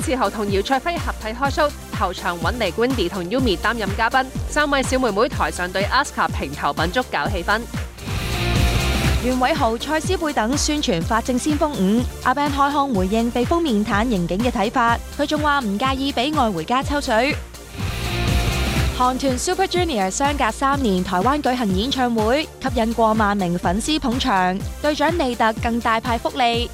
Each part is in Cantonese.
次後同姚焯菲合體開 show，後場揾嚟 Gwendy 同 Yumi 擔任嘉賓，三位小妹妹台上對 ask 及評頭品足搞氣氛。袁偉豪、蔡思貝等宣傳《法證先鋒五》，阿 Ben 開腔回應被封面癱刑警嘅睇法，佢仲話唔介意俾愛回家抽水。韓團 Super Junior 相隔三年台灣舉行演唱會，吸引過萬名粉絲捧場，隊長利特更大派福利。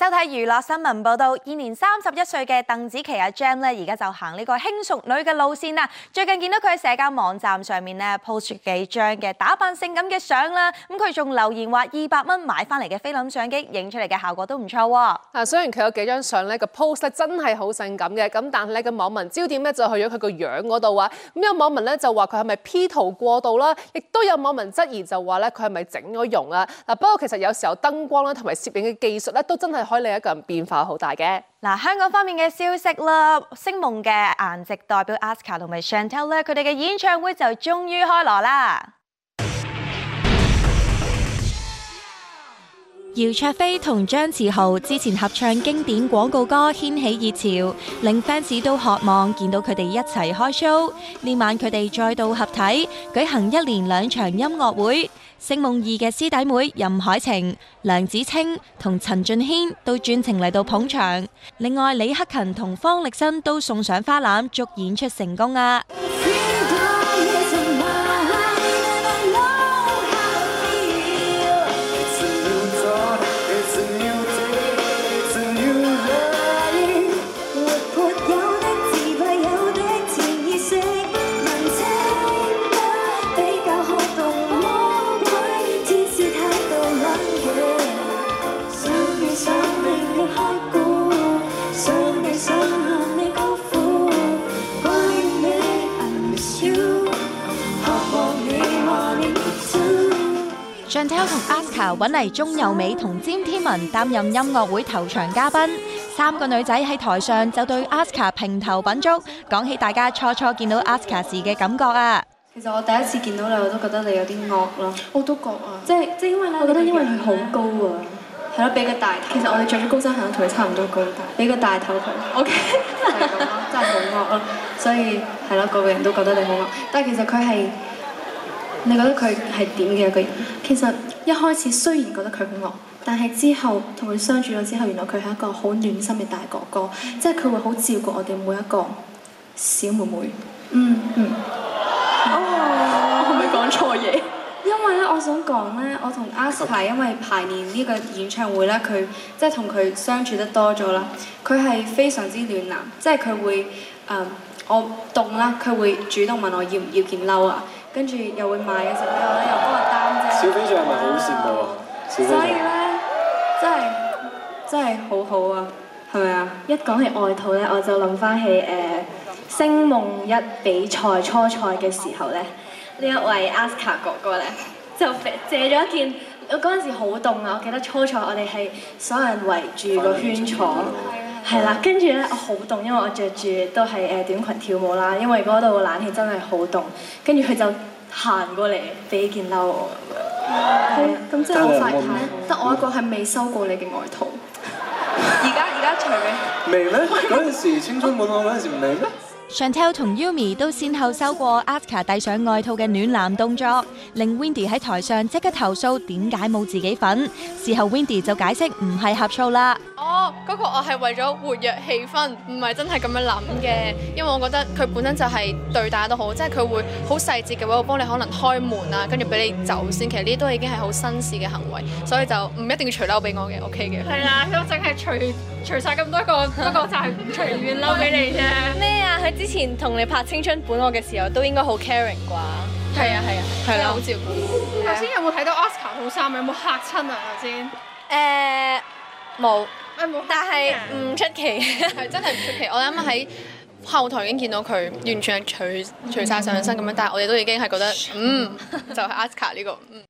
收睇娛樂新聞報道，現年三十一歲嘅鄧紫棋阿 Gem 咧，而家就行呢個輕熟女嘅路線啊！最近見到佢喺社交網站上面咧 post 出幾張嘅打扮性感嘅相啦，咁佢仲留言話：二百蚊買翻嚟嘅菲林相機，影出嚟嘅效果都唔錯，哦。嗱、啊，雖然佢有幾張相咧，個 post 真係好性感嘅，咁但係咧個網民焦點咧就去咗佢個樣嗰度啊！咁有網民咧就話佢係咪 P 圖過度啦？亦都有網民質疑就話咧佢係咪整咗容啊？不過其實有時候燈光啦，同埋攝影嘅技術咧都真係。開你一個人變化好大嘅嗱，香港方面嘅消息啦，星夢嘅顏值代表 Aska 同埋 Chantel 咧，佢哋嘅演唱會就終於開鑼啦。姚卓菲同張志豪之前合唱經典廣告歌，掀起熱潮，令 fans 都渴望見到佢哋一齊開 show。呢晚佢哋再度合體，舉行一連兩場音樂會。星夢二嘅師弟妹任海晴、梁子清同陳俊軒都專程嚟到捧場，另外李克勤同方力申都送上花籃，祝演出成功啊！鄭則堯同阿 Ska 揾嚟鍾柔美同詹天文擔任音樂會頭場嘉賓，三個女仔喺台上就對阿 Ska 評頭品足，講起大家初初見到阿 Ska 時嘅感覺啊！其實我第一次見到你，我都覺得你有啲惡咯，我都覺啊，即係即係因為咧，我覺得因為佢好高啊，係咯，俾個大，其實我哋着咗高踭鞋同佢差唔多高，俾個大頭佢，OK，就係咁咯，真係好惡囉，所以係咯，個個人都覺得你好惡，但係其實佢係。你覺得佢係點嘅？佢其實一開始雖然覺得佢好惡，但係之後同佢相處咗之後，原來佢係一個好暖心嘅大哥哥，即係佢會好照顧我哋每一個小妹妹。嗯嗯，嗯。哦，係咪講錯嘢？因為咧，我想講咧，我同阿 Sir 因為排練呢個演唱會咧，佢即係同佢相處得多咗啦。佢係非常之暖男，即係佢會誒、呃、我凍啦，佢會主動問我要唔要件褸啊。跟住又會買嘅時候咧、嗯，又幫我擔遮啊，小飛象！所以咧，真係真係好好啊，係咪啊？一講起外套咧，我就諗翻起誒、呃、星夢一比賽初賽嘅時候咧，呢、嗯、一位阿斯卡哥哥咧就借咗一件，我嗰陣時好凍啊！我記得初賽我哋係所有人圍住個圈坐。嗯係啦，跟住咧，我好凍，因為我着住都係誒短裙跳舞啦，因為嗰度冷氣真係好凍。跟住佢就行過嚟俾件褸我，咁咁真係好快咩？得我一個係未收過你嘅外套，而家而家除未？未咩？我係 青春做運動先，唔理 Chantelle 同 Yumi 都先後收過 Atika 戴上外套嘅暖男動作，令 Wendy 喺台上即刻投訴點解冇自己份。事後 Wendy 就解釋唔係呷醋啦。哦，嗰個我係為咗活躍氣氛，唔係真係咁樣諗嘅。因為我覺得佢本身就係對打都好，即係佢會好細節嘅話，我幫你可能開門啊，跟住俾你走先。其實呢都已經係好紳士嘅行為，所以就唔一定要除褸俾我嘅，OK 嘅。係 啦，我淨係除除曬咁多個，嗰個、不過就係隨便褸俾你啫。咩 啊？之前同你拍《青春本我》嘅時候，都應該好 caring 啩。係啊係啊，係啊。好、啊啊、照顧。頭先、啊、有冇睇到 Oscar 套衫啊？有冇嚇親啊？頭先。誒，冇。但係唔出奇、哎。係 真係唔出奇。我啱啱喺後台已經見到佢，完全係除除曬上身咁樣，但係我哋都已經係覺得， 嗯，就係、是、Oscar 呢、這個嗯。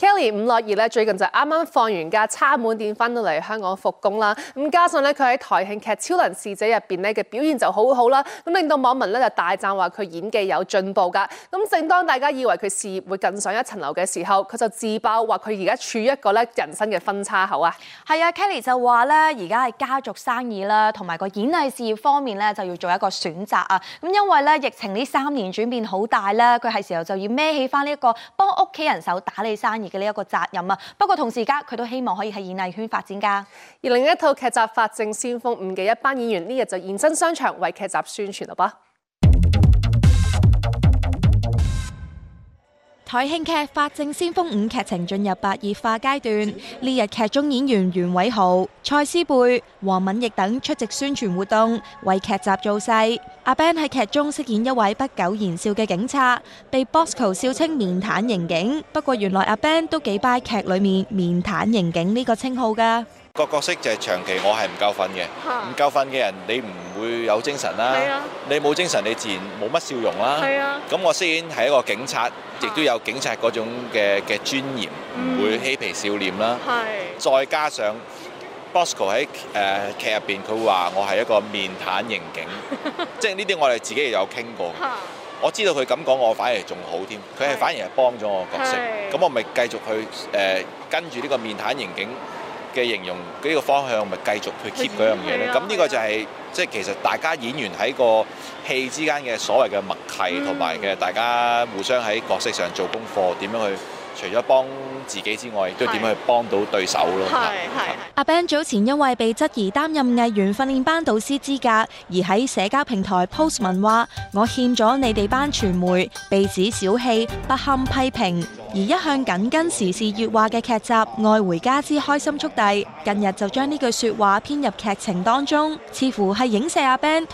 Kelly 伍樂怡咧最近就啱啱放完假，差滿電翻到嚟香港復工啦。咁加上咧佢喺台慶劇《超能使者》入邊咧嘅表現就好好啦。咁令到網民咧就大讚話佢演技有進步噶。咁正當大家以為佢事業會更上一層樓嘅時候，佢就自爆話佢而家處於一個咧人生嘅分叉口啊。係啊，Kelly 就話咧而家係家族生意啦，同埋個演藝事業方面咧就要做一個選擇啊。咁因為咧疫情呢三年轉變好大啦，佢係時候就要孭起翻呢一個幫屋企人手打理生意。嘅呢一個責任啊，不過同時間佢都希望可以喺演藝圈發展㗎。而另一套劇集法政先鋒《法證先鋒五》嘅一班演員呢日就現身商場為劇集宣傳啦噃。台慶劇《法證先鋒五》劇情進入白熱化階段，呢日劇中演員袁偉豪、蔡思貝、王敏奕等出席宣傳活動，為劇集造勢。阿 Ben 喺劇中飾演一位不苟言笑嘅警察，被 Bosco 笑稱面癱刑警。不過原來阿 Ben 都幾 buy 劇裏面面癱刑警呢、這個稱號㗎。個角色就係長期我係唔夠瞓嘅，唔夠瞓嘅人你唔會有精神啦。你冇精神，你自然冇乜笑容啦。咁我先係一個警察，亦都有警察嗰種嘅嘅尊嚴，唔會嬉皮笑臉啦。再加上 嘅形容呢個方向咪繼續去 keep 嗰樣嘢囉。咁呢個就係即係其實大家演員喺個戲之間嘅所謂嘅默契，同埋嘅大家互相喺角色上做功課，點樣去除咗幫自己之外，亦都點樣去幫到對手咯。係係。阿 Ben 早前因為被質疑擔任藝員訓練班導師資格，而喺社交平台 post 文話：我欠咗你哋班傳媒，被指小氣，不堪批評。而一向緊跟時事熱話嘅劇集《愛回家之開心速遞》，近日就將呢句說話編入劇情當中，似乎係影射阿 Ben。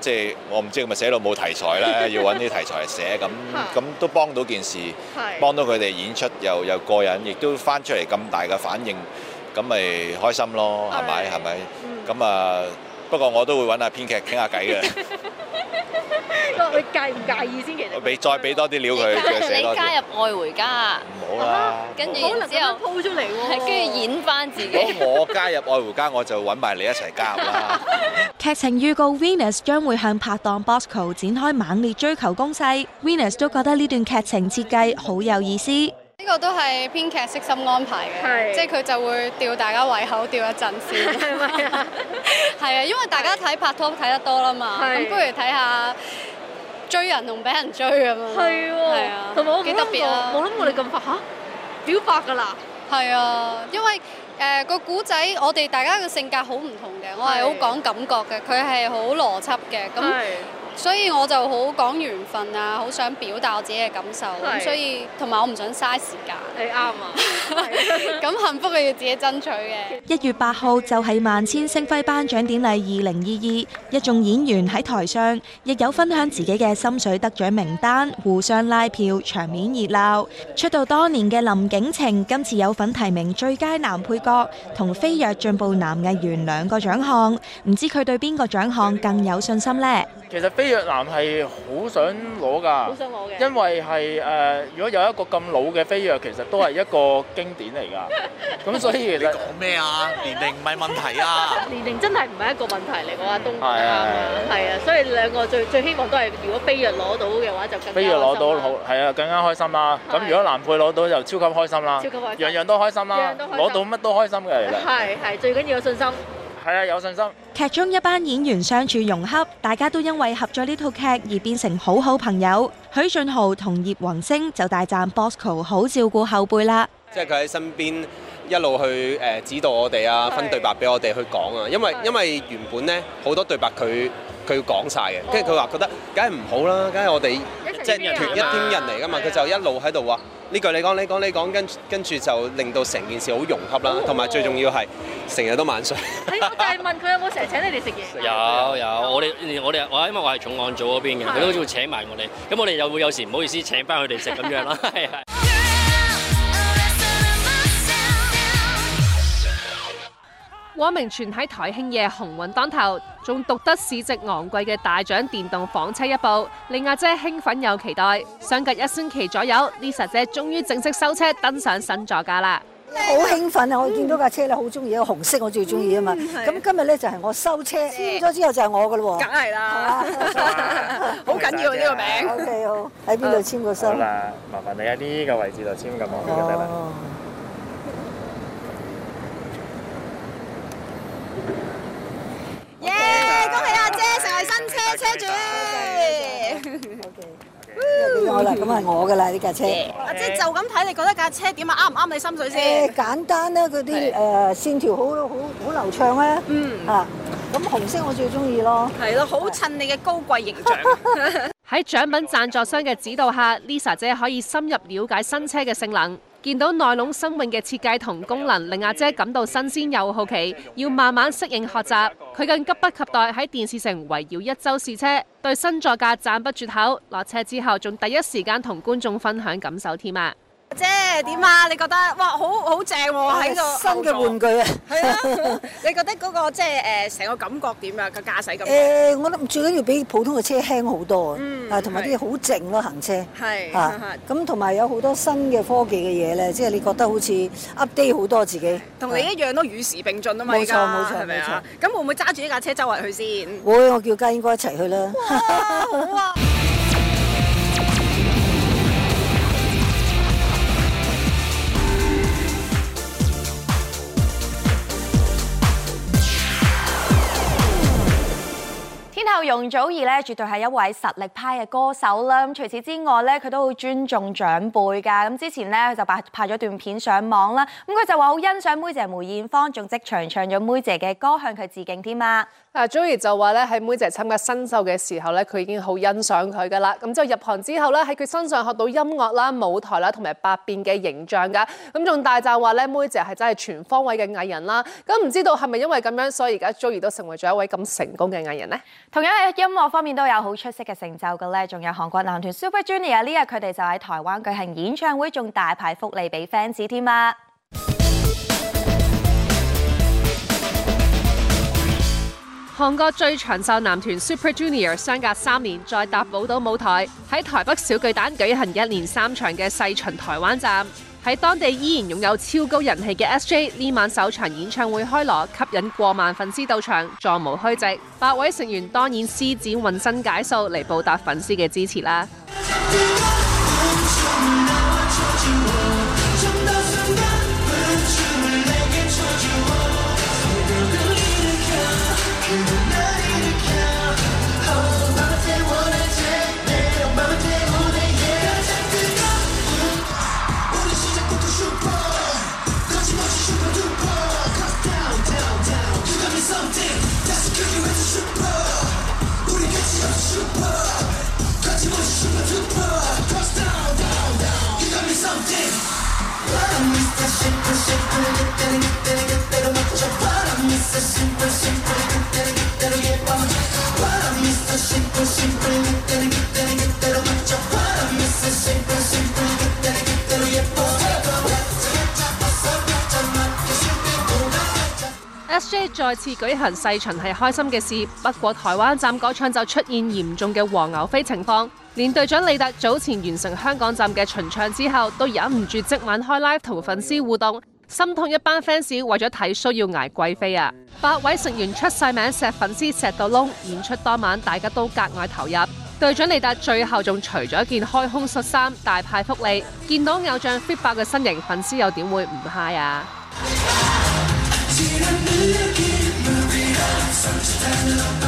即係我唔知佢咪寫到冇題材啦，要揾啲題材嚟寫咁，咁 都幫到件事，幫到佢哋演出又又過癮，亦都翻出嚟咁大嘅反應，咁咪開心咯，係 咪？係咪？咁啊、嗯，不過我都會揾下編劇傾下偈嘅。 你介唔介意先？其實我俾再俾多啲料佢。你加入愛回家？唔好啦，跟住之後鋪出嚟喎，跟住影翻自己。如果我加入愛回家，我就揾埋你一齊加入啦。劇情預告：Venus 將會向拍檔 Bosco 展開猛烈追求攻勢。Venus 都覺得呢段劇情設計好有意思。呢、這個都係編劇悉心安排嘅，即係佢就會吊大家胃口，吊一陣先。係啊， 啊，因為大家睇拍拖睇得多啦嘛，咁不如睇下追人同俾人追咁啊。係喎，係啊，係咪啊？幾特別啊！冇諗過你咁快吓，表白噶啦。係啊，因為誒個古仔，我哋大家嘅性格好唔同嘅，我係好講感覺嘅，佢係好邏輯嘅咁。所以我就好講緣分啊，好想表達我自己嘅感受。咁所以同埋我唔想嘥時間。你啱啊！咁幸福係要自己爭取嘅。一月八號就係《萬千星輝頒獎典禮》二零二二，一眾演員喺台上亦有分享自己嘅心水得獎名單，互相拉票，場面熱鬧。出道多年嘅林景晴，今次有份提名最佳男配角同飛躍進步男藝員兩個獎項，唔知佢對邊個獎項更有信心呢？其實飛飛躍男係好想攞噶，因為係誒，如果有一個咁老嘅飛躍，其實都係一個經典嚟噶。咁所以你講咩啊？年齡唔係問題啊，年齡真係唔係一個問題嚟噶，都啱嘅。係啊，所以兩個最最希望都係，如果飛躍攞到嘅話就更飛躍攞到好，係啊，更加開心啦。咁如果男配攞到就超級開心啦，樣樣都開心啦，攞到乜都開心嘅，係係最緊要有信心。係啊，有信心！劇中一班演員相處融洽，大家都因為合作呢套劇而變成好好朋友。許俊豪同葉宏升就大讚 Bosco 好照顧後輩啦。即係佢喺身邊一路去誒指導我哋啊，分對白俾我哋去講啊。因為因為原本咧好多對白佢佢要講晒嘅，跟住佢話覺得梗係唔好啦，梗係我哋。即、就、係、是、團一天人嚟㗎嘛，佢就一路喺度話呢句你講你講你講，跟跟住就令到成件事好融洽啦，同、oh. 埋最重要係成日都晚睡。你、哎、我就係問佢有冇成日請你哋食嘢。有有， 我哋我哋我因為我係重案組嗰邊嘅，佢都好似會請埋我哋，咁我哋又會有時唔好意思請翻佢哋食咁樣啦。 汪明荃喺台慶夜鴻運當頭，仲奪得市值昂貴嘅大獎電動房車一部，令阿姐興奮又期待。相隔一星期左右，Lisa 姐終於正式收車登上新座駕啦！好興奮啊！我見到架車咧，好中意啊，紅色我最中意啊嘛。咁今日咧就係我收車，簽咗之後就係我噶啦。梗係啦，好緊要呢個名。O K，好。喺邊度簽個收？好啦，麻煩你喺呢個位置度簽個名就得啦。耶、yeah, okay.！恭喜阿姐成為、okay. 新車車主。好、okay. 啦、okay. okay. 咁係我噶啦呢架車。阿姐就咁睇，你覺得架車點啊？啱唔啱你心水先、呃？簡單啦，嗰啲誒線條好好好流暢啊。嗯。啊，咁紅色我最中意咯。係咯，好襯你嘅高貴形象。喺 獎品贊助商嘅指導下，Lisa 姐可以深入了解新車嘅性能。見到內籠新穎嘅設計同功能，令阿姐感到新鮮又好奇，要慢慢適應學習。佢更急不及待喺電視城圍繞一周試車，對新座駕讚不絕口。落車之後，仲第一時間同觀眾分享感受添啊！姐點啊？你覺得哇，好好正喎！喺度新嘅玩具啊，係啊！你覺得嗰個即係誒，成個感覺點啊？個駕駛咁誒，我諗最緊要比普通嘅車輕好多啊，同埋啲好靜咯，行車係吓咁，同埋有好多新嘅科技嘅嘢咧，即係你覺得好似 update 好多自己，同你一樣都與時並進啊嘛，冇錯冇錯，係咪啊？冇錯。咁會唔會揸住呢架車周圍去先？會，我叫家英哥一齊去啦。哇，好啊！之後容祖兒咧，絕對係一位實力派嘅歌手啦，咁除此之外咧，佢都好尊重長輩噶。咁之前咧，佢就拍拍咗段片上網啦，咁佢就話好欣賞梅姐梅艷芳，仲即場唱咗梅姐嘅歌向佢致敬添啊！阿 Joey 就話咧，喺梅姐參加新秀嘅時候咧，佢已經好欣賞佢噶啦。咁就入行之後咧，喺佢身上學到音樂啦、舞台啦，同埋百變嘅形象噶。咁仲大讚話咧，梅姐係真係全方位嘅藝人啦。咁唔知道係咪因為咁樣，所以而家 Joey 都成為咗一位咁成功嘅藝人咧？同樣喺音樂方面都有好出色嘅成就嘅咧，仲有韓國男團 Super Junior 啊！呢日佢哋就喺台灣舉行演唱會，仲大派福利俾 fans 添啊！韓國最長壽男團 Super Junior 相隔三年再踏寶島舞台，喺台北小巨蛋舉行一連三場嘅世巡台灣站。喺當地依然擁有超高人氣嘅 SJ，呢晚首場演唱會開鑼，吸引過萬粉絲到場，座無虛席。八位成員當然施展渾身解數嚟報答粉絲嘅支持啦。 SJ 再次舉行世巡唱係開心嘅事，不過台灣站嗰場就出現嚴重嘅黃牛飛情況，連隊長利特早前完成香港站嘅巡唱之後，都忍唔住即晚開 live 同粉絲互動。心痛一班 fans 為咗睇 show 要挨貴妃啊！八位成員出晒名，錫粉絲錫到燶。演出當晚，大家都格外投入。隊長李達最後仲除咗件開胸恤衫，大派福利。見到偶像 fit 爆嘅身形，粉絲又點會唔 high 啊！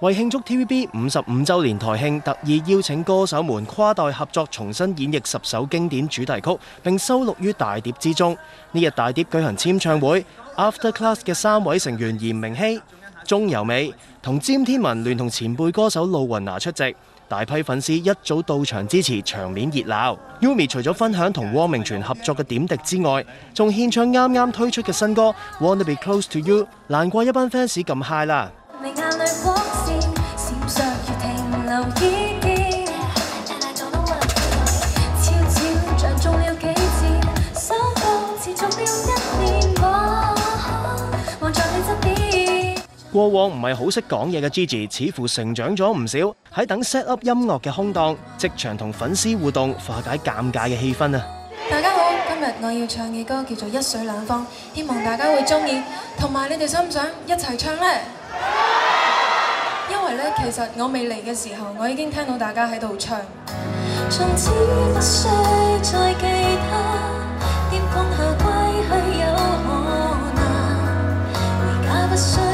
為慶祝 TVB 五十五周年台慶，特意邀請歌手們跨代合作，重新演繹十首經典主題曲，並收錄於大碟之中。呢日大碟舉行簽唱會 ，After Class 嘅三位成員嚴 明熙、鍾柔美同詹天文聯同前輩歌手露雲娜出席，大批粉絲一早到場支持，場面熱鬧。Yumi 除咗分享同汪明荃合作嘅點滴之外，仲獻唱啱啱推出嘅新歌《Wanna Be Close to You》，難怪一班 fans 咁 high 啦。 過往唔係好識講嘢嘅 Gigi，似乎成長咗唔少。喺等 set up 音樂嘅空檔，即場同粉絲互動，化解尷尬嘅氣氛啊！大家好，今日我要唱嘅歌叫做《一水兩方》，希望大家會中意，同埋你哋想唔想一齊唱呢！因為呢，其實我未嚟嘅時候，我已經聽到大家喺度唱。從此不需再記他，天空下歸去有可能。」而家不需。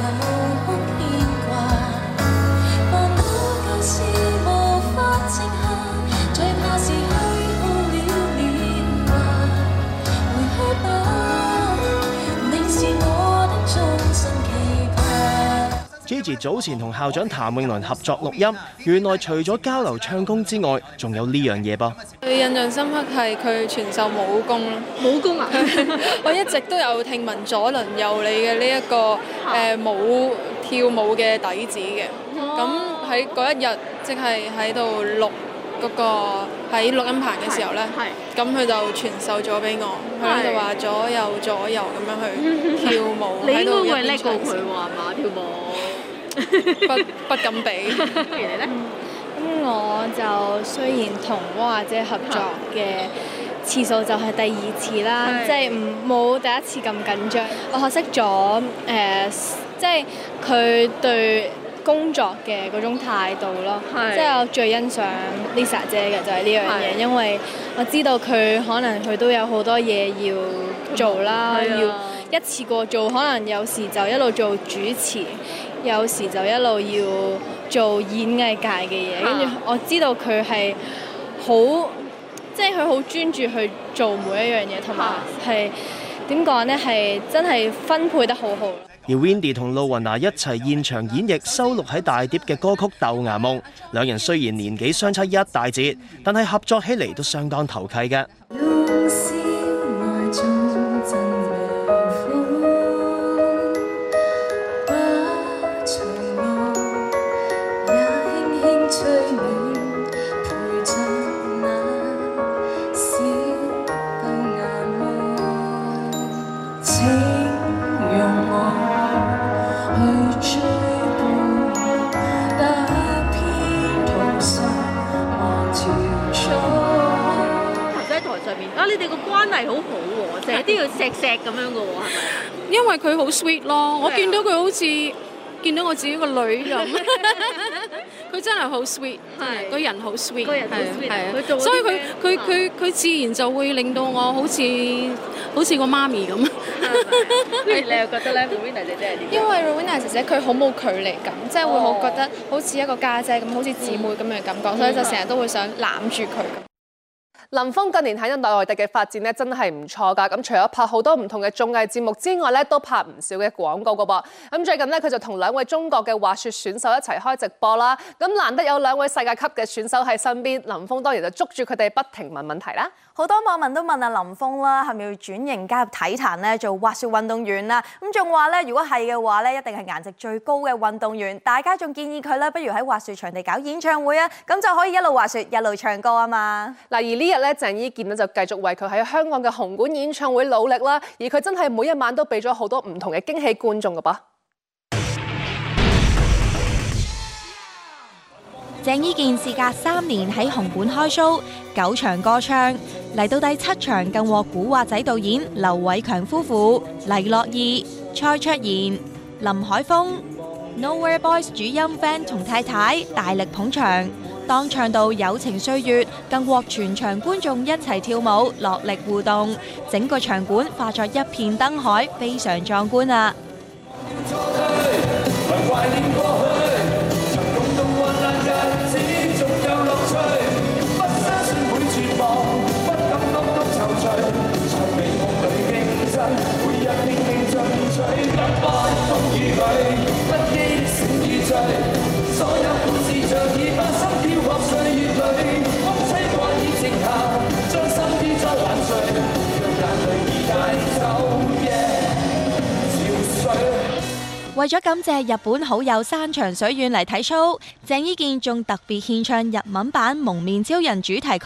K G 早前同校長譚詠麟合作錄音，原來除咗交流唱功之外，仲有呢樣嘢噃。最印象深刻係佢傳授武功咯，武功啊！我一直都有聽聞左鄰右里嘅呢一個誒舞跳舞嘅底子嘅，咁喺嗰一日即係喺度錄。嗰、那個喺錄音棚嘅時候咧，咁佢就傳授咗俾我，佢咧就話左右左右咁樣去跳舞，喺度一邊催佢換馬跳舞， 不不敢比。咁而你咧？咁、嗯、我就雖然同華姐合作嘅次數就係第二次啦，即係唔冇第一次咁緊張。我學識咗誒，即係佢對。工作嘅嗰種態度咯，即係、就是，我最欣賞 Lisa 姐嘅就係呢樣嘢，因為我知道佢可能佢都有好多嘢要做啦，要一次過做，可能有時就一路做主持，有時就一路要做演藝界嘅嘢，跟住我知道佢係好，即係佢好專注去做每一樣嘢，同埋係點講咧？係真係分配得好好。而 Wendy 同露雲娜一齊現場演繹收錄喺大碟嘅歌曲《豆芽夢》，兩人雖然年紀相差一大截，但係合作起嚟都相當投契嘅。錫錫咁樣嘅喎，因為佢好 sweet 咯，我見到佢好似見到我自己個女咁，佢、啊、真係好 sweet，個人好 sweet，係啊，所以佢佢佢佢自然就會令到我好似、啊、好似個媽咪咁。啊、 你又覺得咧 Rowena 姐姐係點？因為 Rowena 姐姐佢好冇距離感，oh. 即係會好覺得好似一個家姐咁，好似姊妹咁樣感覺、嗯，所以就成日都會想攬住佢。林峰近年喺內外地嘅發展真係唔錯㗎。咁除咗拍好多唔同嘅綜藝節目之外咧，都拍唔少嘅廣告㗎噃。咁最近呢，佢就同兩位中國嘅滑雪選手一齊開直播啦。咁難得有兩位世界級嘅選手喺身邊，林峰當然就捉住佢哋不停問問題啦。好多網民都問阿林峰啦，係咪要轉型加入體壇呢？做滑雪運動員啦？咁仲話呢，如果係嘅話呢一定係顏值最高嘅運動員。大家仲建議佢咧，不如喺滑雪場地搞演唱會啊！咁就可以一路滑雪一路唱歌啊嘛。嗱，而呢日咧，鄭伊健咧就繼續為佢喺香港嘅紅館演唱會努力啦。而佢真係每一晚都俾咗好多唔同嘅驚喜觀眾㗎吧。鄭伊健事隔三年喺紅館開 show，九場歌唱嚟到第七場，更獲古惑仔導演劉偉強夫婦黎樂意、蔡卓妍、林海峰、Nowhere Boys 主音 b a n 同太太大力捧場，當唱到《友情歲月》，更獲全場觀眾一齊跳舞，落力互動，整個場館化作一片燈海，非常壯觀啊！為咗感謝日本好友山長水遠嚟睇操，鄭伊健仲特別獻唱日文版《蒙面超人》主題曲。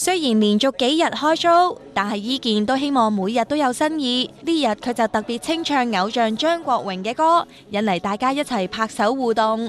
雖然連續幾日開 show，但係伊健都希望每日都有新意。呢日佢就特別清唱偶像張國榮嘅歌，引嚟大家一齊拍手互動。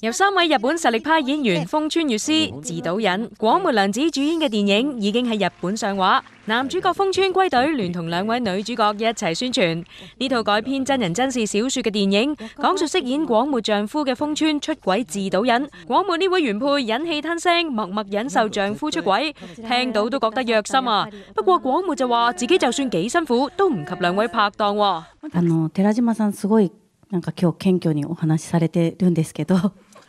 由三位日本實力派演員豐川悦司、寺島忍、廣末涼子主演嘅電影已經喺日本上畫，男主角豐川歸隊，連同兩位女主角一齊宣傳呢套改編真人真事小說嘅電影，講述飾演廣末丈夫嘅豐川出軌寺島忍，寺島忍廣末呢位原配忍氣吞聲，默默忍受丈夫出軌，聽到都覺得虐心啊！不過廣末就話自己就算幾辛苦，都唔及兩位拍檔啊。あ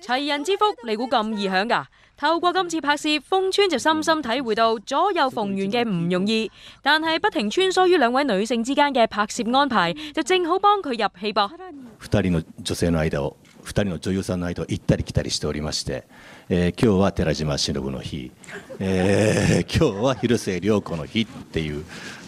齊人之福，你估咁易享㗎？透過今次拍攝，風川就深深體會到左右逢源嘅唔容易，但係不停穿梭於兩位女性之間嘅拍攝安排，就正好幫佢入戲噃。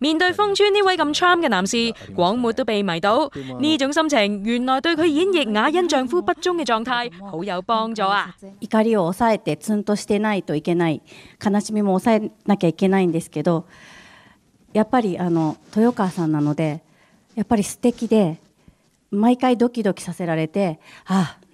面對豐川呢位咁 charm 嘅男士，廣末都被迷倒，呢種心情原來對佢演繹雅欣丈夫不忠嘅狀態好有幫助啊！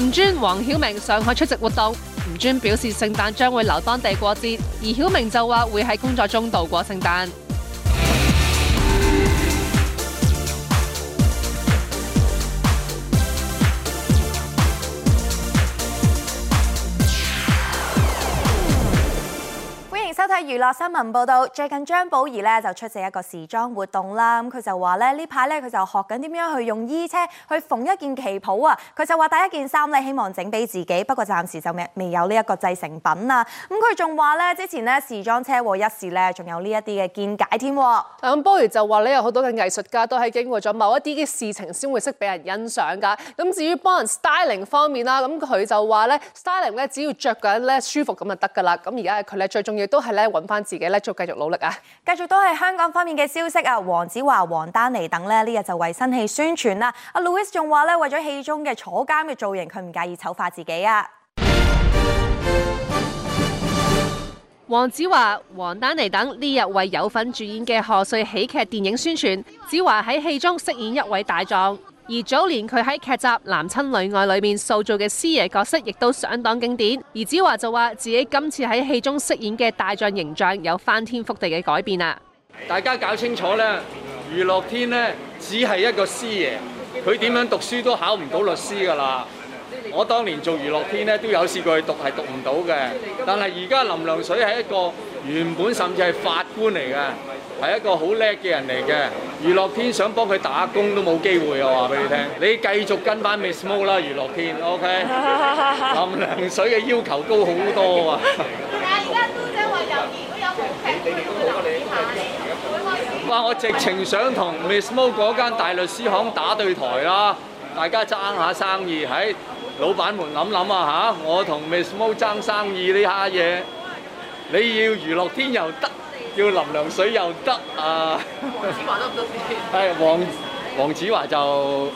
吳尊、黃曉明上海出席活動。吳尊表示聖誕將會留當地過節，而曉明就話會喺工作中度過聖誕。娛樂新聞報道，最近張寶兒咧就出席一個時裝活動啦。咁佢就話咧呢排咧佢就學緊點樣去用衣車去縫一件旗袍啊。佢就話第一件衫咧希望整俾自己，不過暫時就未未有呢一個製成品啊。咁佢仲話咧之前咧時裝車禍一事咧，仲有呢一啲嘅見解添。咁、嗯、寶兒就話咧有好多嘅藝術家都係經過咗某一啲嘅事情先會識俾人欣賞噶。咁至於幫人 styling 方面啦，咁佢就話咧 styling 咧只要着緊咧舒服咁就得噶啦。咁而家佢咧最重要都係咧。諗翻自己咧，就繼續努力啊！繼續都係香港方面嘅消息啊！黃子華、王丹妮等咧呢日就為新戲宣傳啦。阿 Louis 仲話咧，為咗戲中嘅坐監嘅造型，佢唔介意醜化自己啊！黃子華、王丹妮等呢日為有份主演嘅賀歲喜劇電影宣傳。子華喺戲中飾演一位大狀。而早年佢喺劇集《男親女愛》裏面塑造嘅師爺角色，亦都相當經典。而子華就話自己今次喺戲中飾演嘅大象形象有翻天覆地嘅改變啦。大家搞清楚咧，娛樂天呢只係一個師爺，佢點樣讀書都考唔到律師噶啦。我當年做娛樂天呢都有試過去讀，係讀唔到嘅。但係而家林良水係一個原本甚至係法官嚟嘅。係一個好叻嘅人嚟嘅，娛樂天想幫佢打工都冇機會，我話俾你聽。你繼續跟返 Miss Mo 啦，娛樂天，OK？冧涼水嘅要求高好多啊！但而家都想話有，如果有，你你哋都冇乜理。哇！我直情想同 Miss Mo 嗰間大律師行打對台啦，大家爭下生意。喺老闆們諗諗啊吓，我同 Miss Mo 爭生意呢下嘢，你要娛樂天又得。要淋涼水又得啊！黃子華得唔得先？係 黃黃子華就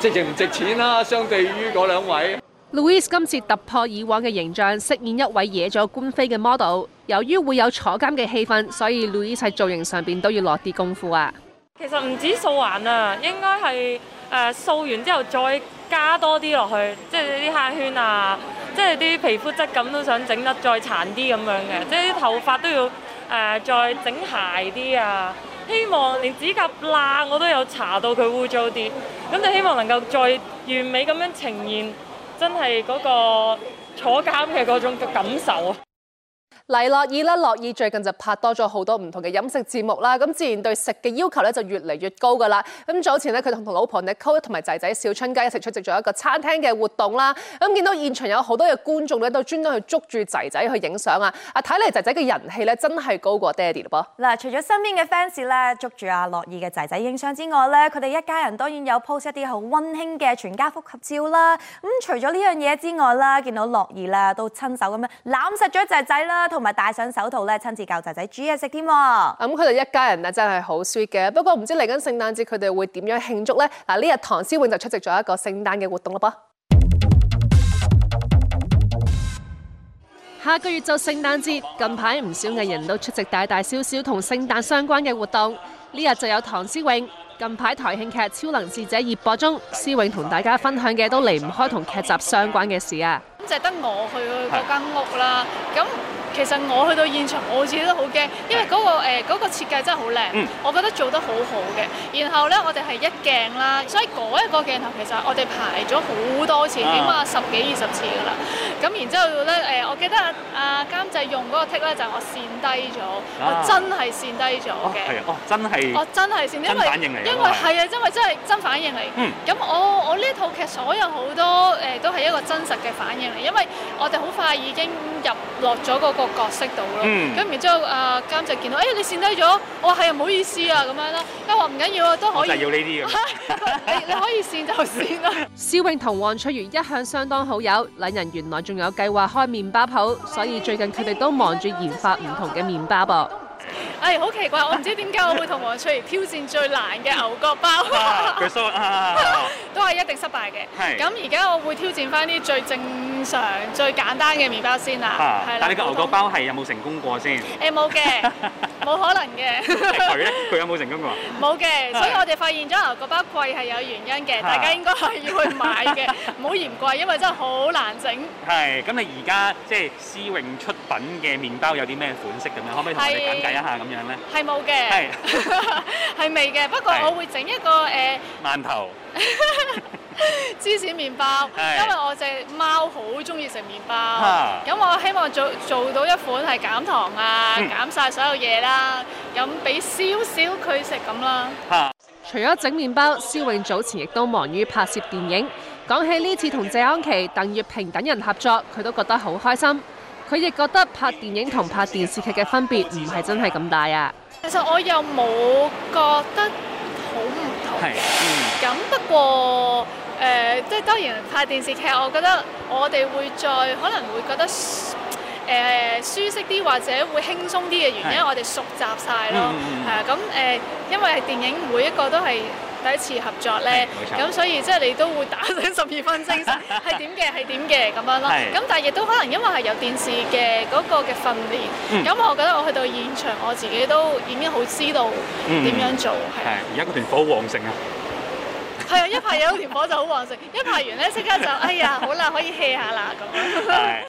值唔值錢啦、啊，相對於嗰兩位。Louis 今次突破以往嘅形象，飾演一位惹咗官非嘅 model。由於會有坐監嘅氣氛，所以 Louis 喺造型上邊都要落啲功夫啊。其實唔止素顏啊，應該係誒素完之後再加多啲落去，即係啲黑圈啊，即係啲皮膚質感都想整得再殘啲咁樣嘅，即係啲頭髮都要。誒、呃，再整鞋啲啊！希望連指甲罅我都有搽到佢污糟啲，咁就希望能夠再完美咁樣呈現，真係嗰個坐監嘅嗰種嘅感受啊！黎樂義啦，樂義最近就拍多咗好多唔同嘅飲食節目啦，咁自然對食嘅要求咧就越嚟越高噶啦。咁早前咧，佢同同老婆 Nicole 同埋仔仔小春雞一齊出席咗一個餐廳嘅活動啦。咁見到現場有好多嘅觀眾咧，都專登去捉住仔仔去影相啊。啊，睇嚟仔仔嘅人氣咧真係高過爹哋咯噃。嗱，除咗身邊嘅 fans 咧捉住阿樂義嘅仔仔影相之外咧，佢哋一家人當然有 post 一啲好溫馨嘅全家福合照啦。咁除咗呢樣嘢之外啦，見到樂義咧都親手咁樣攬實咗仔仔啦，同埋戴上手套咧，親自教仔仔煮嘢食添。咁佢哋一家人啊，真係好 sweet 嘅。不過唔知嚟緊聖誕節佢哋會點樣慶祝呢？嗱，呢日唐詩詠就出席咗一個聖誕嘅活動咯噃。下個月就聖誕節，近排唔少藝人都出席大大小小同聖誕相關嘅活動。呢日就有唐詩詠，近排台慶劇《超能使者》熱播中，詩詠同大家分享嘅都離唔開同劇集相關嘅事啊。就得我去去間屋啦。咁其實我去到現場，我自己都好驚，因為、嗰個誒、欸嗰個設計真係好靚，嗯、我覺得做得很好好嘅。然後咧，我哋係一鏡啦，所以嗰一個鏡頭其實我哋排咗好多次，起、啊、碼十幾二十次噶啦。咁然之後咧，誒、欸，我記得阿監製用嗰個剔咧，就、啊、係我跣低咗，我真係跣低咗嘅。係啊，真係。哦真係跣低，因為係啊，因為真係真反應嚟。嗯。咁我我呢套劇所有好多誒、欸，都係一個真實嘅反應。因為我哋好快已經入落咗嗰個角色度咯，咁、嗯、然之後啊、呃、監製見到，誒、哎、你跣低咗，我話係啊唔好意思啊咁樣啦，佢話唔緊要啊，都可以，要呢啲啊，你你可以跣就跣啦。肖穎同黃翠如一向相當好友，兩人原來仲有計劃開麵包鋪，所以最近佢哋都忙住研發唔同嘅麵包噃。誒、哎、好奇怪，我唔知點解我會同黃翠如挑戰最難嘅牛角包， 都都係一定失敗嘅。咁而家我會挑戰翻啲最正常、最簡單嘅麵包先啦。係、啊、啦，但係你個牛角包係有冇成功過先？誒，冇嘅。 冇可能嘅， 佢咧，佢有冇成功過？冇嘅，所以我哋發現咗牛角包貴係有原因嘅，的大家應該可以去買嘅，唔好嫌貴，因為真係好難整。係，咁你而家即係思穎出品嘅麵包有啲咩款式咁樣？可唔可以同我哋簡介一下咁樣咧？係冇嘅，係未嘅，不過我會整一個誒、呃。饅頭。 芝士麵包，因為我隻貓好中意食麵包，咁我希望做做到一款係減糖啊，減晒所有嘢啦，咁俾少少佢食咁啦。吓，除咗整麵包，肖穎早前亦都忙於拍攝電影。講起呢次同謝安琪、鄧月平等人合作，佢都覺得好開心。佢亦覺得拍電影同拍電視劇嘅分別唔係真係咁大啊。其實我又冇覺得好唔同，咁、嗯、不過。誒、呃，即係當然拍電視劇，我覺得我哋會再可能會覺得誒、呃、舒適啲，或者會輕鬆啲嘅原因，我哋熟習晒咯。啊、嗯，咁、嗯、誒、呃，因為電影每一個都係第一次合作咧，咁、嗯、所以即係你都會打上十二分精神，係點嘅係點嘅咁樣咯。咁但係亦都可能因為係有電視嘅嗰個嘅訓練，咁、嗯、我覺得我去到現場，我自己都已經好知道點樣做。係。而、嗯、家個團火旺盛啊！係啊！一拍有條火就好旺盛，一拍完呢，即 刻就哎呀好啦，可以 hea 下啦咁。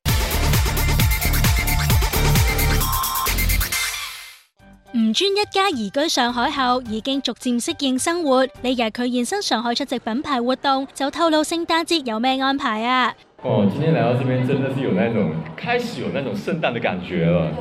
吳尊 一家移居上海後，已經逐漸適應生活。呢日佢現身上海出席品牌活動，就透露聖誕節有咩安排啊？哦，今天來到這邊真的是有那種開始有那種聖誕的感覺了。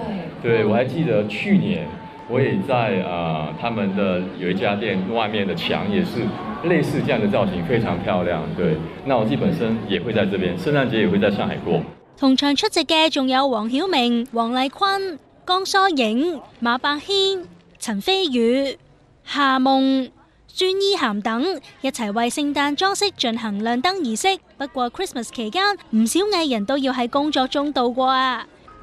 對，對，我還記得去年。我也在啊、呃，他們的有一家店外面的牆也是類似這樣的造型，非常漂亮。對，那我自己本身也會在這邊，聖誕節也會在上海過。同場出席嘅仲有黃曉明、王麗坤、江疏影、馬伯騫、陳飛宇、夏夢、孫伊涵等一齊為聖誕裝飾進行亮燈儀式。不過 Christmas 期間唔少藝人都要喺工作中度過啊。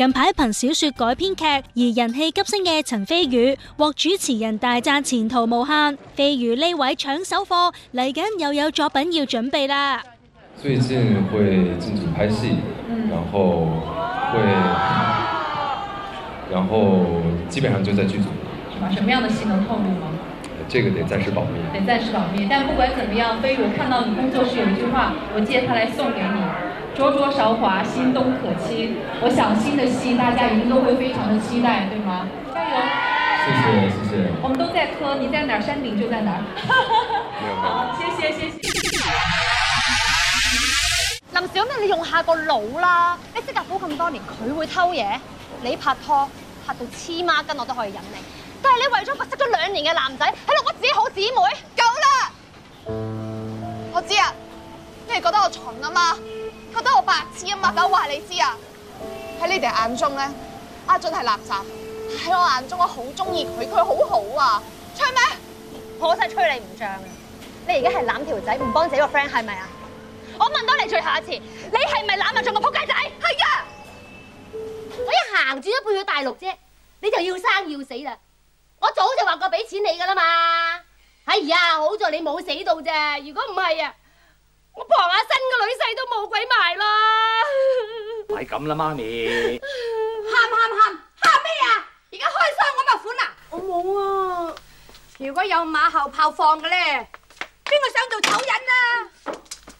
近排憑小說改編劇而人氣急升嘅陳飛宇獲主持人大讚前途無限，飛宇呢位搶手貨嚟緊又有作品要準備啦。最近會進行拍戲，然後會，然後基本上就在劇組。什麼樣的戲能透露嗎？這個得暫時保密。得暫時保密，但不管怎麼樣，以我看到你工作室有一句話，我借它來送給你：灼灼韶華，心東可期。我想新的戲大家一定都會非常的期待，對嗎？加油！謝謝謝謝。我們都在磕，你在哪山頂就在哪。沒有沒有。謝謝謝謝。 林小妹，你用下個腦啦！你識阿虎咁多年，佢會偷嘢？你拍拖拍到黐孖筋，跟我都可以忍你。但係你為咗白識咗兩年嘅男仔，喺度屈自己好姊妹？夠啦！我知啊，你係覺得我蠢啊嘛？覺得我白痴啊嘛？等我話你知啊！喺你哋眼中咧，阿俊係垃圾；喺我眼中我喜歡他他，我好中意佢，佢好好啊！吹咩？我真係吹你唔脹啊！你而家係攬條仔唔幫自己個 friend 係咪啊？我問多你最後一次，你係咪攬埋咗個撲街仔？係啊！我一行轉咗半個大陸啫，你就要生要死啦！我早就話過俾錢你噶啦嘛，哎呀，好在你冇死到啫，如果唔係啊，我婆阿新個女婿都冇鬼埋咯。係咁啦，媽咪。喊喊喊喊咩啊？而家開箱咁嘅款啊？我冇啊。如果有馬後炮放嘅咧，邊個想做醜人啊？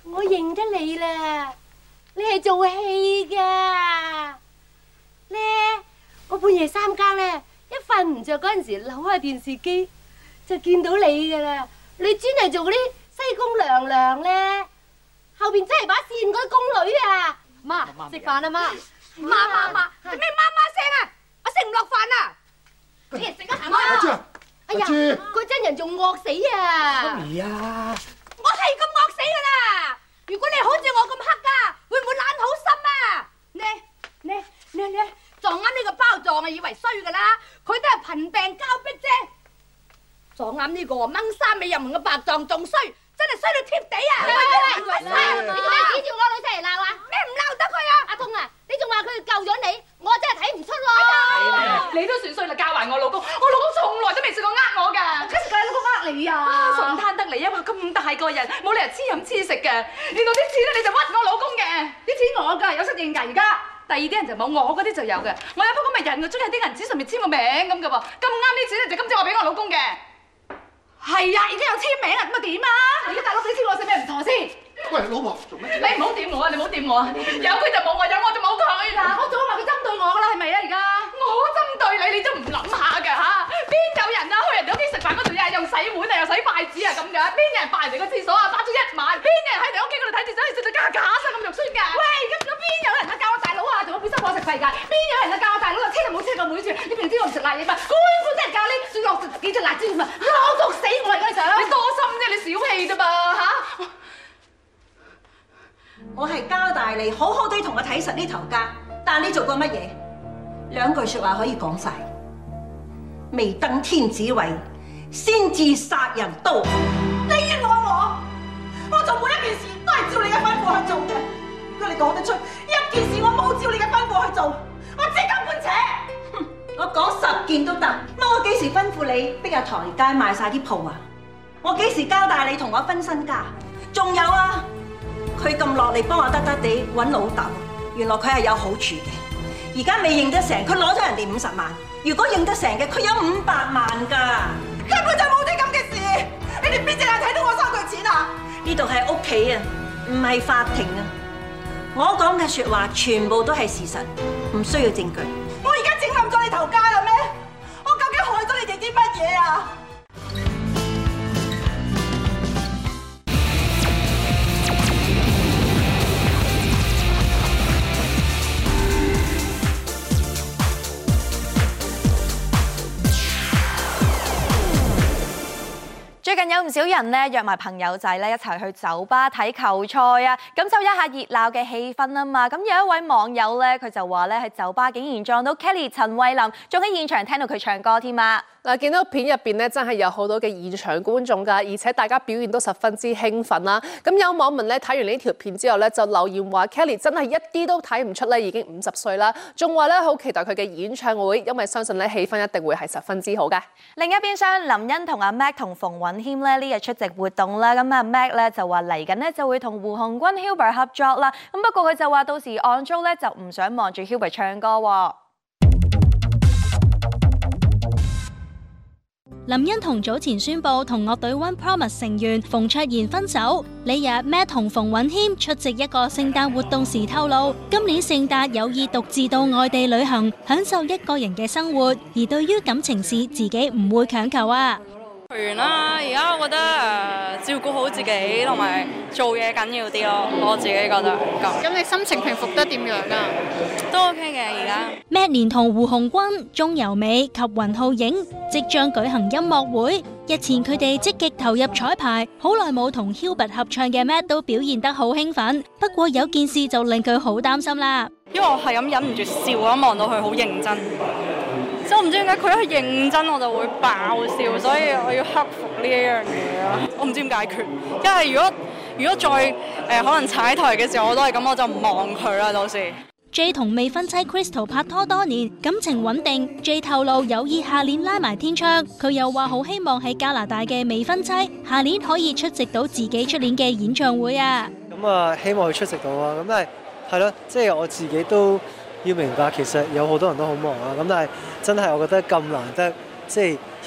我認得你啦，你係做戲嘅。咧，我半夜三更咧。一瞓唔著嗰陣時，扭開電視機就見到你㗎喇。你專係做嗰啲西宮娘娘咧，後邊真係把扇嗰啲宮女啊。媽，食飯啦，媽。媽媽媽，咩媽媽聲啊？我食唔落飯啊！即係食一下。阿珠，阿珠，個真人仲惡死啊！媽咪啊！我係咁惡死噶啦！如果你好似我咁黑㗎，會唔會爛好心啊？你你你你。撞啱呢個包葬啊，以為衰噶啦，佢都係貧病交迫啫。撞啱呢、這個掹衫尾入門嘅白撞，仲衰，真係衰到貼地啊！喂喂喂，點解指住我女仔嚟鬧啊？咩唔鬧得佢啊？阿公啊，你仲話佢救咗你，我真係睇唔出咯、啊。你都算衰啦，教壞我老公，我老公從來都未試過呃我噶。點解你老公呃你啊？啊，唔得嚟啊嘛，咁大個人，冇理由痴飲痴食嘅。你度啲錢咧，你就屈我老公嘅，啲錢我噶，有失認噶而家。第二啲人就冇，我嗰啲就有嘅。我有幅咁嘅人又中意有啲銀紙上面簽個名咁嘅喎。咁啱呢次咧就今次話俾我老公嘅。係啊，而家有簽名啊，咁啊點啊？而家大佬先我食咩唔妥先？喂，老婆做咩？你唔好掂我啊！你唔好掂我啊！我有佢就冇我，有我就冇佢啦。我早話佢針對我啦，係咪啊？而家我針對你，你都唔諗下㗎吓？邊有人啊？去人哋屋企食飯嗰度又用洗碗啊，又洗筷子啊咁噶？邊人霸人哋個廁所啊？花咗一晚？邊人喺你屋企嗰度睇住，廁所，食到加架身咁肉酸噶？喂，咁邊有人啊？教我大佬啊，同我本身我食肥嘅，邊有人啊？教我大佬啊，車就冇車個妹住，你明知我唔食辣嘢噶，官官即係教你仲落十幾隻辣椒粉，攞毒死我嚟嗰陣，你多心啫，你小氣咋嘛？吓、啊，我係交大，你，好好地同我睇實呢頭家，但你做過乜嘢？兩句說話可以講晒。未登天子位，先至殺人刀。你冤枉我，我做每一件事都係照你嘅吩咐去做嘅。如果你講得出一件事我冇照你嘅吩咐去做，我即刻搬扯。我講十件都得。乜我幾時吩咐你逼下台階賣晒啲鋪啊？我幾時交代你同我分身家？仲有啊，佢咁落力幫我得得地揾老豆，原來佢係有好處嘅。而家未認得成，佢攞咗人哋五十萬。如果用得成嘅，佢有五百萬噶，根本就冇啲咁嘅事。你哋邊隻眼睇到我收佢錢啊？呢度係屋企啊，唔係法庭啊！我講嘅說的話全部都係事實，唔需要證據。我而家整冧咗你頭家啦咩？我究竟害咗你哋啲乜嘢啊？少人咧約埋朋友仔咧一齊去酒吧睇球賽啊！感受一下熱鬧嘅氣氛啊嘛！咁有一位網友咧佢就話咧喺酒吧竟然撞到 Kelly 陳慧琳，仲喺現場聽到佢唱歌添啊！嗱，見到片入邊咧真係有好多嘅現場觀眾噶，而且大家表現都十分之興奮啦！咁有網民咧睇完呢條片之後咧就留言話 Kelly 真係一啲都睇唔出咧已經五十歲啦，仲話咧好期待佢嘅演唱會，因為相信咧氣氛一定會係十分之好嘅。另一邊廂林欣同阿 Mac 同馮允謙咧。呢日出席活動啦，咁阿 Mac 咧就話嚟緊呢就會同胡鴻鈞 Huber 合作啦，咁不過佢就話到時 Angel 咧就唔想望住 Huber 唱歌喎。林欣彤早前宣布同樂隊 One Promise 成員馮卓賢分手，呢日 Mac 同馮允謙出席一個聖誕活動時透露，今年聖誕有意獨自到外地旅行，享受一個人嘅生活，而對於感情事自己唔會強求啊。啦！而家我覺得誒，照顧好自己同埋做嘢緊要啲咯，我自己覺得。咁你心情平復得點樣啊？都 OK 嘅。而家 Mad 連同胡鴻鈞、鍾柔美及雲浩影即將舉行音樂會，日前佢哋積極投入彩排，好耐冇同 Hubert 合唱嘅 Mad 都表現得好興奮。不過有件事就令佢好擔心啦，因為我係咁忍唔住笑，我望到佢好認真。我唔知點解佢一認真，我就會爆笑，所以我要克服呢一樣嘢啊！我唔知點解決，因為如果如果再誒、呃、可能踩台嘅時候我都係咁，我就唔望佢啦。到時 J 同未婚妻 Crystal 拍拖多年，感情穩定。J 透露，有意下年拉埋天窗，佢又話好希望喺加拿大嘅未婚妻下年可以出席到自己出年嘅演唱會啊！咁啊，希望佢出席到啊！咁但係係咯，即係、就是、我自己都。要明白，其實有好多人都好忙啊！咁但係真係，我覺得咁難得，即係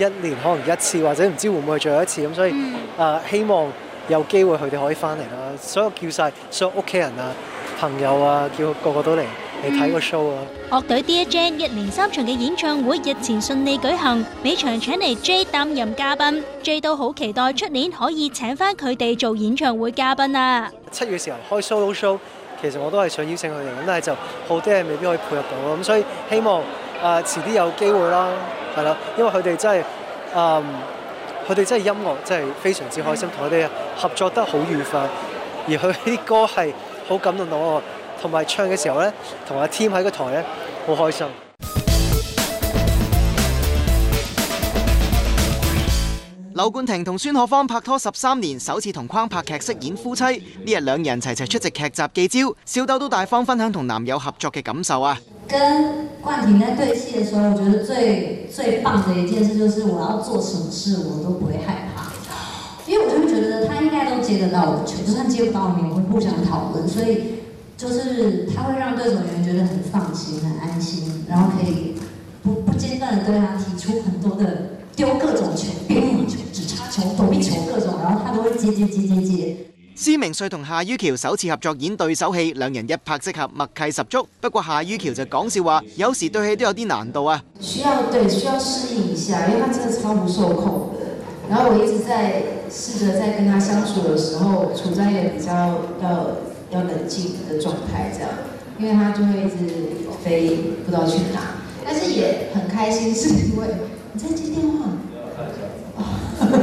一年可能一次，或者唔知會唔會再有一次咁，所以啊、嗯呃，希望有機會佢哋可以翻嚟啦。所以叫晒所有屋企人啊、朋友啊，叫個個都嚟嚟睇個 show 啊！樂隊 Dear Jane 一連三場嘅演唱會日前順利舉行，尾場請嚟 J 擔任嘉賓，J 都好期待出年可以請翻佢哋做演唱會嘉賓啊！七月嘅時候開 Solo Show。其實我都係想邀請佢哋，咁但係就好多嘢未必可以配合到咯。咁所以希望誒遲啲有機會啦，係啦，因為佢哋真係誒，佢哋真係音樂真係非常之開心，同佢哋合作得好愉快，而佢啲歌係好感動到我，同埋唱嘅時候咧，同阿 Tim 喺個台咧好開心。劉冠廷同孫可芳拍拖十三年，首次同框拍劇飾演夫妻。呢日兩人齊齊出席劇集記招，小豆都大方分享同男友合作嘅感受啊！跟冠廷在對戲嘅時候，我覺得最最棒的一件事就是，我要做什麼事我都不會害怕，因為我就會覺得他應該都接得到我球，就算接不到，我會互相討論，所以就是他會讓對手演員覺得很放心、很安心，然後可以不不間斷地對他提出很多的丟各種球。坐到邊坐都坐，然後他都會接接接接接，接。施明瑞同夏于喬首次合作演對手戲，兩人一拍即合，默契十足。不過夏于喬就講笑話，有時對戲都有啲難度啊。需要對需要適應一下，因為他真的超不受控，然後我一直在試著在跟他相處的時候，處在一個比較要要冷靜的狀態，這樣，因為他就會一直飛，不知道去哪。但是也很開心，是因為你在接電話。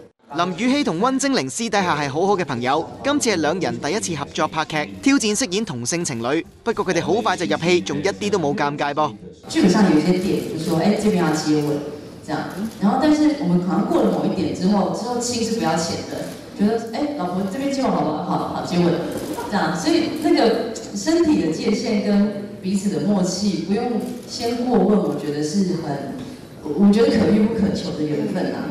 林雨希同溫晶玲私底下係好好嘅朋友，今次係兩人第一次合作拍劇，挑戰飾演同性情侶。不過佢哋好快就入戲，仲一啲都冇尷尬噃。基本上有一些點，就是哎、欸，這邊要接吻，這樣。然後，但是我們可能過了某一點之後，之後親是不要錢的。覺得哎、欸，老婆，這邊接吻，好好好，接吻，這樣。所以那個身體的界限跟彼此的默契，不用先過問，我覺得是很，我覺得可遇不可求的緣分啊。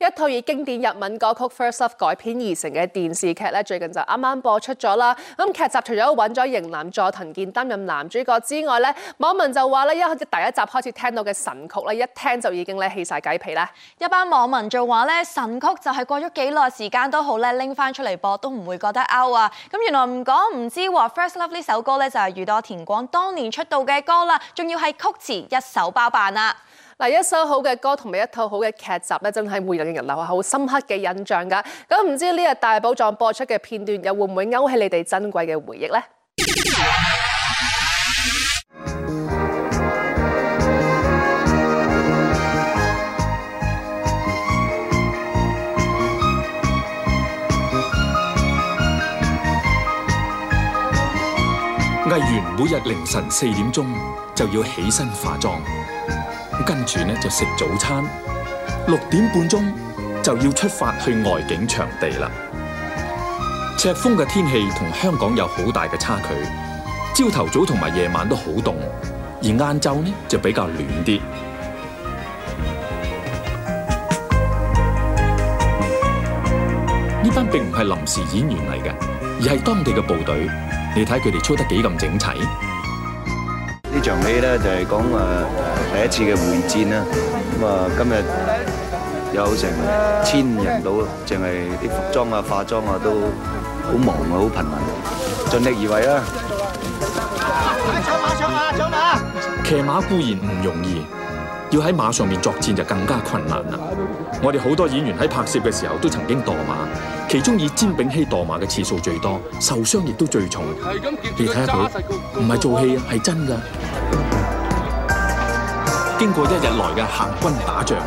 一套以經典日文歌曲《First Love》改編而成嘅電視劇咧，最近就啱啱播出咗啦。咁、嗯、劇集除咗揾咗型男佐藤健擔任男主角之外咧，網民就話咧，一第一集開始聽到嘅神曲咧，一聽就已經咧氣晒雞皮啦。一班網民仲話咧，神曲就係過咗幾耐時間都好咧，拎返出嚟播都唔會覺得 out 啊。咁原來唔講唔知喎，《First Love》呢首歌咧就係宇多田光當年出道嘅歌啦，仲要係曲詞一手包辦啦、啊。嗱，一首好嘅歌同埋一套好嘅劇集咧，真係會令人留下好深刻嘅印象噶。咁唔知呢日大寶藏播出嘅片段，又會唔會勾起你哋珍貴嘅回憶呢？藝員每日凌晨四點鐘就要起身化妝。跟住呢就食早餐，六點半鐘就要出發去外景場地啦。赤峰嘅天氣同香港有好大嘅差距，朝頭早同埋夜晚都好凍，而晏晝呢就比較暖啲。呢 班並唔係臨時演員嚟嘅，而係當地嘅部隊。你睇佢哋操得幾咁整齊？場戲，呢場戲咧就係講誒。第一次嘅會戰啦，咁啊今日有成千人到，淨係啲服裝啊、化妝啊都好忙啊，好頻密，盡力而為啦。搶馬騎馬固然唔容易，要喺馬上面作戰就更加困難啦。我哋好多演員喺拍攝嘅時候都曾經墮馬，其中以詹炳熙墮馬嘅次數最多，受傷亦都最重。你睇下佢，唔係做戲啊，係真㗎。經過一日來嘅行軍打仗，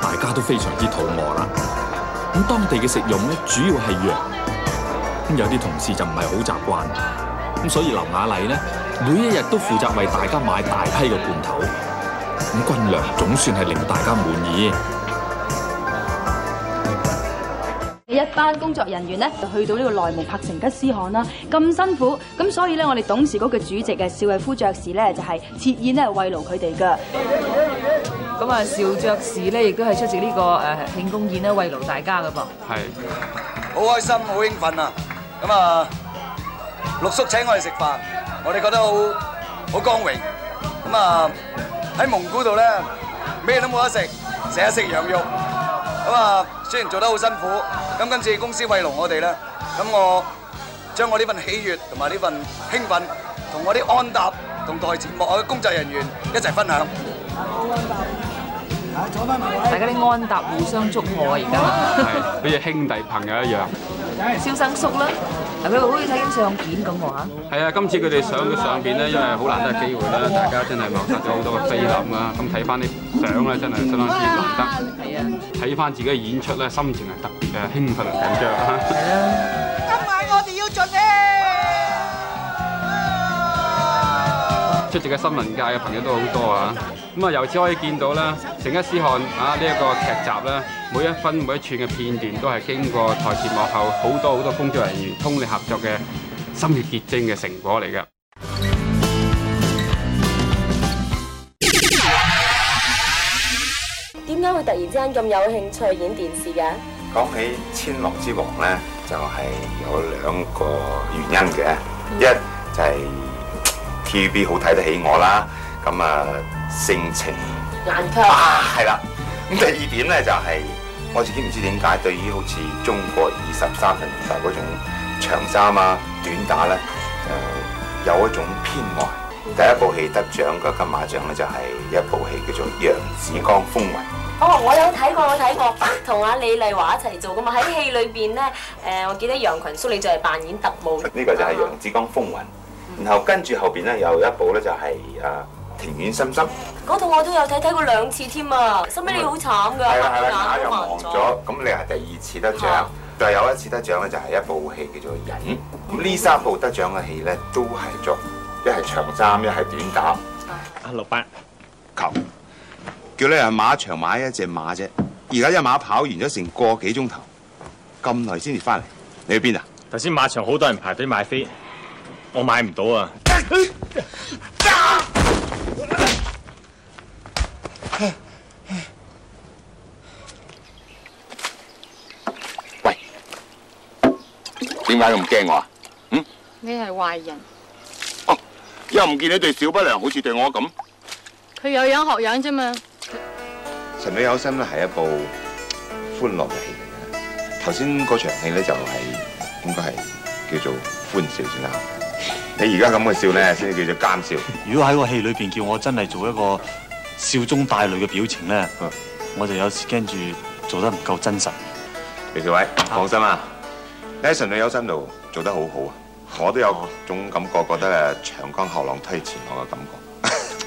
大家都非常之肚餓啦。咁當地嘅食用咧，主要係羊。咁有啲同事就唔係好習慣，咁所以劉雅麗咧，每一日都負責為大家買大批嘅罐頭。咁軍糧總算係令大家滿意。一班工作人員呢，就去到呢個內蒙拍成吉思汗啦，咁辛苦，咁所以呢，我哋董事局嘅主席嘅邵逸夫爵士呢，就係設宴呢，慰勞佢哋㗎。咁啊，邵爵士呢,亦都係出席呢個慶功宴呢,慰勞大家㗎噃。係,好開心,好興奮啊! 咁今次公司慰勞我哋咧，咁我將我呢份喜悅同埋呢份興奮，同我啲安踏同台節目嘅工作人員一齊分享。大家啲安踏互相祝賀啊！而家，係，好似兄弟朋友一樣。蕭生叔啦。嗱，佢好似睇緊相片咁吓，係啊，今次佢哋上咗相片咧，因為好難得嘅機會啦，大家真係謀殺咗好多嘅菲林啦。咁睇翻啲相咧，真係相當之難得。係啊，睇翻自己嘅演出咧，心情係特別嘅興奮同緊張嚇。係啊， 今晚我哋要準。出席嘅新聞界嘅朋友都好多啊！咁啊，由此可以見到咧，《成吉思汗》啊呢一個劇集咧，每一分每一寸嘅片段都係經過台前幕後好多好多工作人員通力合作嘅心血結晶嘅成果嚟嘅。點解會突然之間咁有興趣演電視嘅？講起《千王之王》咧，就係、是、有兩個原因嘅、嗯，一就係、是。B B 好睇得起我啦，咁啊性情，眼強，係、啊、啦。咁第二點咧就係、是，我自己唔知點解對於好似中國二十三嘅年代嗰種長衫啊短打咧，呃，有一種偏愛。嗯，第一部戲得獎嘅金馬獎咧就係、是、一部戲叫做《揚子江風雲》。哦，我有睇過，我睇過，同阿李麗華一齊做噶嘛。喺戲裏邊咧，誒、呃，我記得楊群叔你就係扮演特務，呢、這個就係《揚子江風雲》嗯。嗯。然後跟住後邊咧有一部咧就係誒《庭院深深》，嗰套我都有睇，睇過兩次添啊，收尾你好慘噶，又忘咗，咁你係第二次得獎，就有一次得獎咧就係一部戲叫做《忍》。咁呢三部得獎嘅戲咧都係做一係長衫一係短打。阿六伯，琴叫你去馬場買一隻馬啫，而家一馬跑完咗成個幾鐘頭，咁耐先至翻嚟，你去邊啊？頭先馬場好多人排隊買飛。我買唔到啊！喂，點解你咁驚我啊？嗯？你係壞人。哦，又唔見你對小不良好似對我咁。佢有樣學樣啫嘛。神女有心咧，係一部歡樂嘅戲嚟嘅。頭先嗰場戲咧，就係應該係叫做歡笑先啱。你而家咁嘅笑咧，先至叫做奸笑。如果喺個戲裏邊叫我真係做一個笑中帶淚嘅表情咧，我就有時驚住做得唔夠真實。李兆偉，放心啊，Eason，你有心度做得好好啊，我都有種感覺，覺得誒長江後浪推前浪嘅感覺。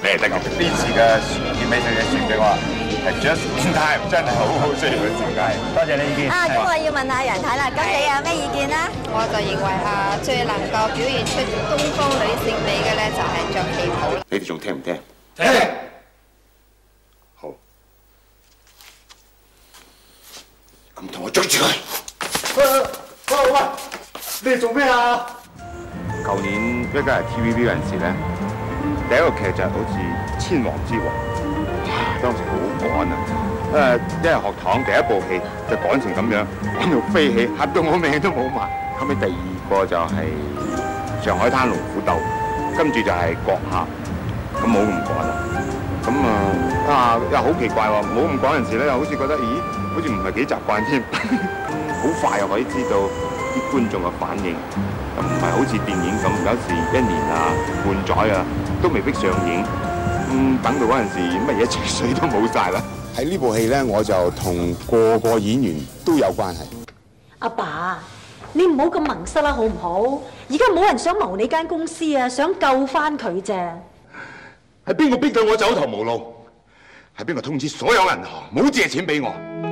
啊、你得講，呢次嘅最美嘅雪景我係 Just in time 真係好好需要去了解。多謝你意見。啊，咁我要問下楊太啦，咁你有咩意見咧？我就認為啊，最能夠表現出東方女性美嘅咧，就係着旗袍啦。你哋仲聽唔聽？聽。好。咁同我追住佢。喂喂喂！你，你做咩啊？舊 rappelle 做年一家係 TVB 人士咧。第一個劇就係好似《千王之王》，哇，當時好趕啊！誒、啊，因為學堂第一部戲就趕成咁樣，講到飛起，嚇到我命都冇埋。後尾第二個就係《上海灘龍虎鬥》，跟住就係《閣下》，咁冇咁趕。咁啊，啊，又、啊、好、啊、奇怪喎，啊！冇咁趕嗰陣時咧，又好似覺得，咦，好似唔係幾習慣添。好 快又可以知道啲觀眾嘅反應，又唔係好似電影咁，有時一年啊、半載啊。都未必上映，嗯，等到嗰陣時，乜嘢情緒都冇晒啦。喺呢部戲咧，我就同個個演員都有關係。阿爸，爸，你唔好咁盲塞啦，好唔好？而家冇人想謀你間公司啊，想救翻佢啫。係邊個逼到我走投無路？係邊個通知所有銀行冇借錢俾我？